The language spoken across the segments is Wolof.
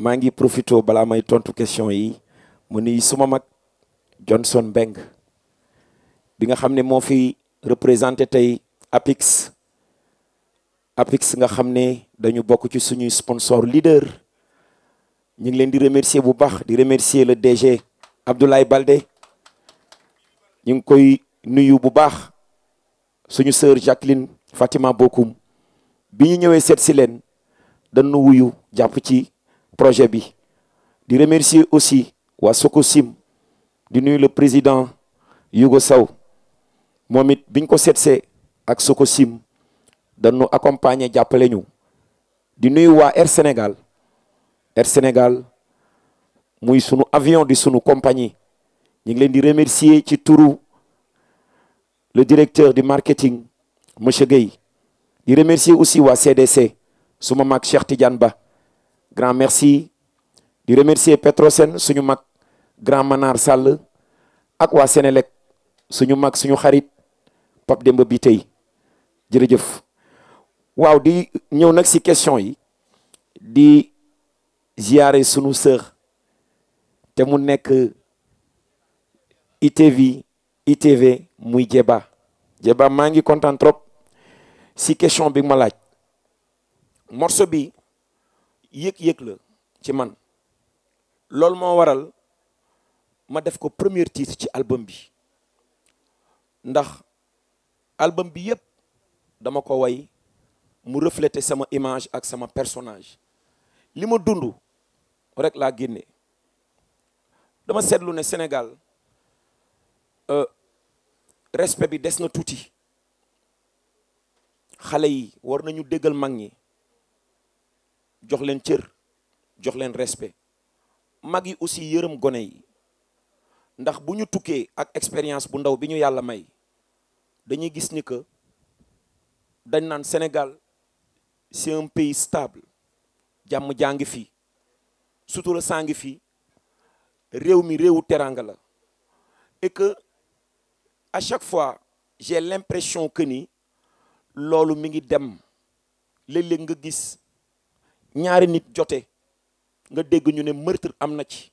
maa ngi profito balaa may tontu question yi mu nuyu suma mag Johnson Mbengue bi nga xam ne moo fi représenté tey APIX APIX nga xam ne dañu bokk ci suñuy sponsor leader ñu ngi leen di remercier bu baax di remercier le DG Abdoulaye Baldé ñu ngi koy nuyu bu baax suñu sœur Jacqueline Fatima Bokoum bi ñu ñëwee seet si leen dañu wuyu jàpp ci projet bi di remercier aussi wa sokosim di nuyu le président yugo Sow moom biñ ko setse ak Sococim dañu accompagner jàppale ñu di nuyu wa Air Sénégal Air Sénégal muy sunu avion di sunu compagnie ñing leen di remercier ci tourou le directeur du marketing monsieur gay di remercier aussi wa CDC suma mak Cheikh Tidiane Ba grand merci di remercier Petrosen suñu grand Manar Sall ak wa Sénélec suñu mag suñu xarit Mobite. Demba bi tey jërëjëf waaw di ñëw nag ci question yi di ziare suñu sœur te mu nekk ITV ITV muy Jeba Jeba maa ngi trop question bi ma laaj bi Yek ce le ci man loolu waral ma def premier titre ci album bi ndax album bi yep, dama ko way mu refléter sama image ak sama personnage li ma rek la génne dama sétlu né Sénégal euh, respect des na yi war nañu déggal jox leen cër respect mag aussi yërëm gone ndax bu ak expérience bu ndaw bi ñu may dañuy gis ni que dañ Sénégal c'est un pays stable jàmm jaa fi sutura saa fi réew mi réewu et que à chaque fois j'ai l'impression que ni loolu mi ngi dem léeg-léeg ñaari nit joté nga dégg ñu né meurtre amna ci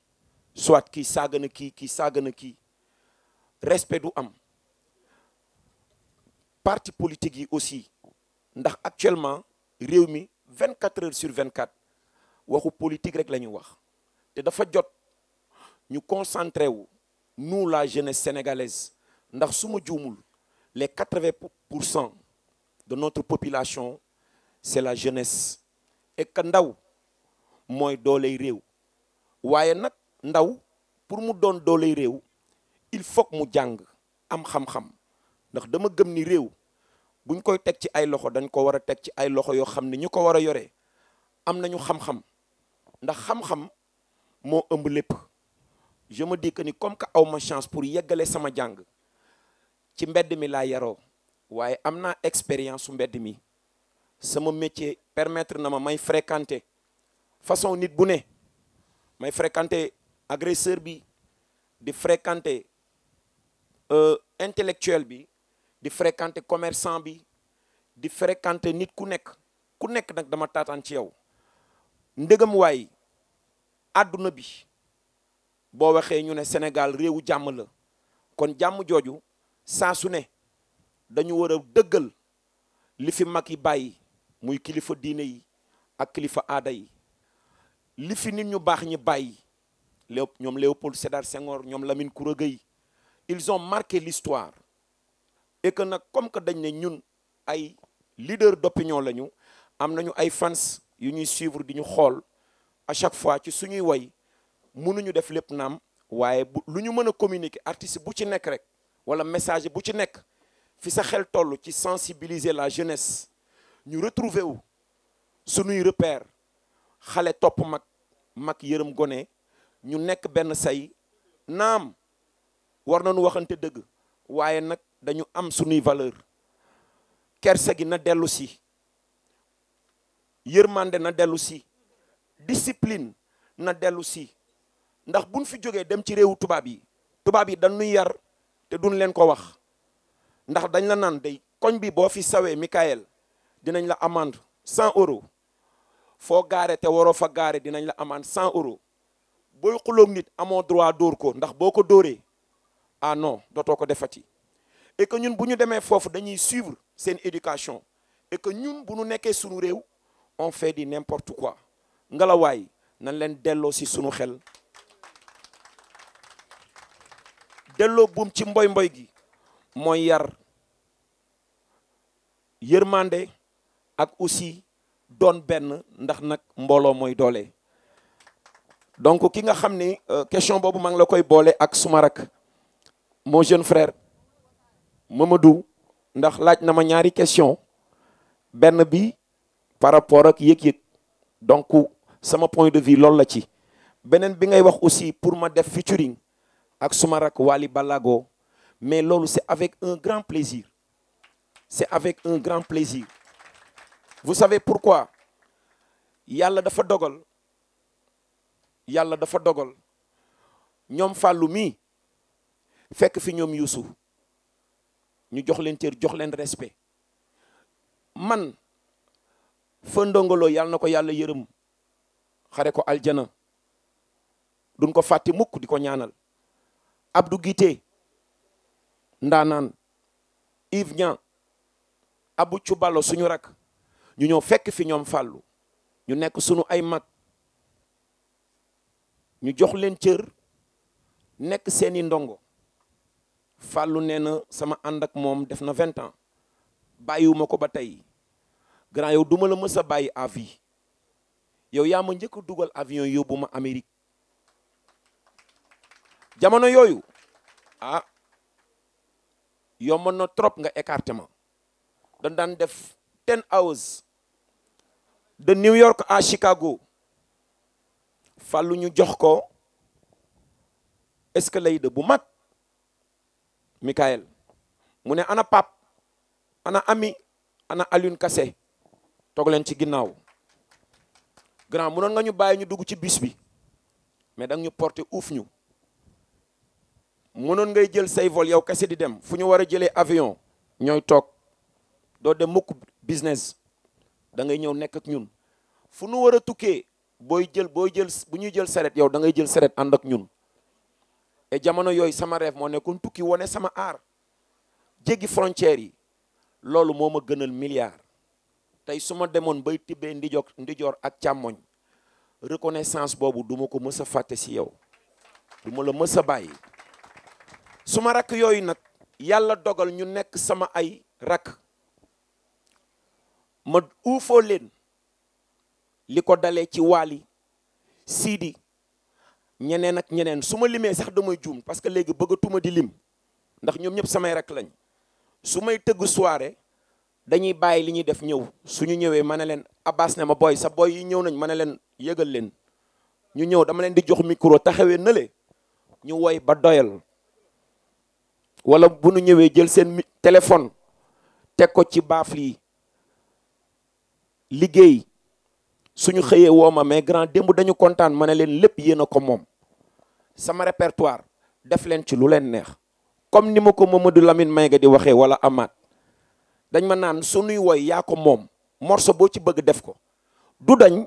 soit qui, sagana ki qui. sagana ki respect du am parti politique yi aussi ndax actuellement réew 24 heures sur 24 waxu politique rek lañu wax té dafa jot ñu concentré wu nous la jeunesse sénégalaise ndax su ma les 80 de notre population c'est la jeunesse. et ndaw mooy dooley réew waaye nag ndaw pour mu doon dooley réew il faut mu jàng am xam-xam ndax dama gëm ni réew buñ koy teg ci ay loxo dañ ko war a teg ci ay loxo yoo xam ne ñu ko war a yore am nañu xam-xam ndax xam-xam moo ëmb lépp je me dis ni comme que aw ma chance pour yeggale sama jàng ci mbedd mi laa yaroo waaye am naa expérience su mbedd mi sama métier permettre na ma may fréquenter façon nit bu né may fréquenter agresseur bi di fréquenter euh, intellectuel bi di fréquenter commerçant bi di fréquenter nit ku nek ku nek nak dama tatane ci yow ndegam way aduna bi bo waxé ñu né Sénégal réewu jamm la kon jamm joju sa su dañu war a li fi maki muy kilifa diine yi ak kilifa aada yi li fi nit ñu baax ñi bàyyi léop ñoom Léopold Sédar Senghor ñoom Lamine Koura Gueye ils ont marqué l'histoire et que nag comme que dañ ne ñun ay leader d'opinion lañu am nañu ay fans yu ñuy suivre di ñu xool à chaque fois ci suñuy woy mënuñu def lépp naam waaye bu lu ñu mën a communiquer artiste bu ci nekk rek wala message bu ci nekk fi sa xel toll ci sensibiliser la jeunesse nous retrouvons wu repère xalé top, mak mak gone ñu nekk sommes say nam war nañu waxante deug nak dañu am sunuy valeur kerse gi na na discipline na avons si ndax buñ fi avons dem ci réewu qui yi tubaab yi nous yar te duñ leen ko wax ndax dañ la fi dinañ la amende 100 euros foo gaare te waro fa gaare dinañ la amende 100 euros boy xuloog nit amo droit dóor ko ndax boko ko ah non doto ko defati et que ñun buñu démé fofu dañuy suivre sen éducation et que ñun buñu ñu suñu réew on fait di n'importe quoi way nan len dello si suñu xel dello buum ci mboy mboy gi moy yar yermandé ak aussi Don Ben ndax nak mbolo moy doole. donc ki nga xam euh, question bobu mang la koy bolé ak suma rak mon jeune frère Mamadou ndax laaj na ma ñaari question benn bi par rapport ak yek yek donc sama point de vue loolu la ci benen bi ngay wax aussi pour ma def featuring ak suma rak Balago, mais loolu c'est avec un grand plaisir c'est avec un grand plaisir vous savez pourquoi Yalla dafa dogal Yalla dafa dogal ñom fallu mi fekk fi ñom yuusu ñu jox leen cër jox respect man fa Yalla nako Yalla yeureum xare ko aljana duñ ko mukk di ñaanal Abdou Guité Ndanan, Yves Abou ñu ñëw fekk fi ñoom fàllu ñu nekk sunu ay mag ñu jox leen cër nekk seeni ndongo fàllu nee na sama ànd ak moom def na vingt ans bàyyiwuma ko ba tey grand yow duma la mës a bàyyi à vie yow yaa ma njëkk dugal avion yóbbu ma Amérique jamono yooyu ah yomb na trop nga écartement dañ daan def ten hours de New York à Chicago fàllu ñu jox ko escalade bu mag Michael mu ne ana pap ana ami ana Alioune kase toog leen ci ginnaaw grand mënoon nga ñu bàyyi ñu dugg ci bis bi mais danga ñu porter uuf ñu mënoon ngay jël say vol yow kese di dem fu ñu war a jëlee avion ñooy toog doo de mukk business da ngay ñëw nekk ak ñun fu nu war a tukkee booy jël booy jël bu ñuy jël saret yow da ngay jël saret ànd ak ñun et jamono yooyu sama rêve moo nekkoon tukki wane sama aar jéggi frontières yi loolu moo ma gënal milliard tey su ma demoon bay tibbee ndijoor ndijoor ak càmmoñ reconnaissance boobu duma ko mës a fàtte si yow du ma la mës a bàyyi suma rakk yooyu nag yàlla dogal ñu nekk sama ay rakk ma uufoo leen li ko dalee ci waali siidi ñeneen ak ñeneen su ma limee sax damay juum parce que léegi bëggatuma di lim ndax ñoom ñëpp samay rak lañ su may tëgg soire dañuy bàyyi li ñuy def ñëw suñu ñëwee ma ne leen Abbas ne ma booy sa boy yi ñëw nañ ma ne leen yëgal leen ñu ñëw dama leen di jox micro taxawee na le ñu woy ba doyal wala bu ñu ñëwee jël seen téléphone teg ko ci baaf yi liggéey suñu xëyee woo ma mais grand démb dañu kontaan ma ne leen lépp yéen ko moom sama répertoire def leen ci lu leen neex comme ni ma ko Mamadou Lamine Maïga di waxee wala amaat dañ ma naan sunuy woy yaa ko moom morceau boo ci bëgg def ko du dañ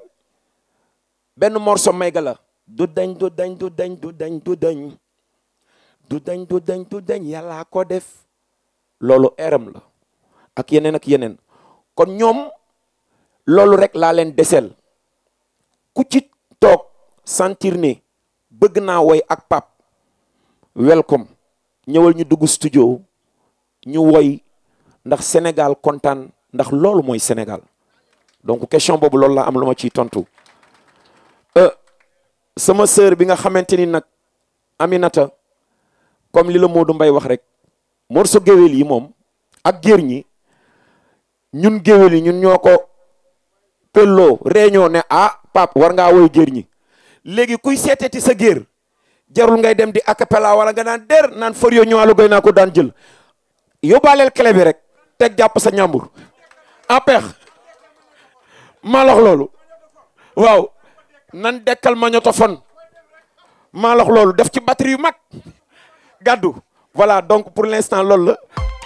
benn morceau Maïga la du dañ du dañ du dañ du dañ du dañ dañ dañ du dañ ko def loolu eram la ak yeneen ak yeneen kon ñoom loolu rek laa desel ku ci santir sentir ne bëgg naa ak pap welcome ñëwal ñu dugg studio ñu woy ndax Sénégal kontaan ndax loolu mooy Sénégal donc question boobu am lu ma ciy tontu euh, sama sœur bi nga xamante ni nag Aminata comme li la Modou Mbaye wax rek morceau géwél yi mom ak géer ñi ñun géwél yi ñun pëlloo réunion ne ah pap war ngaa woy ñi léegi kuy seeteti sa géer jarul ngay dem di acapella wala nga naan naan fër yoo ñuwaalu gay naa ko daan jël yóbbaaleel clé bi rek teg jàpp sa ñàmbur apeex maa lox loolu waaw nan dekkal magnétophone maa lox loolu def ci batterie yu mag gàddu voilà donc pour l'instant loolu la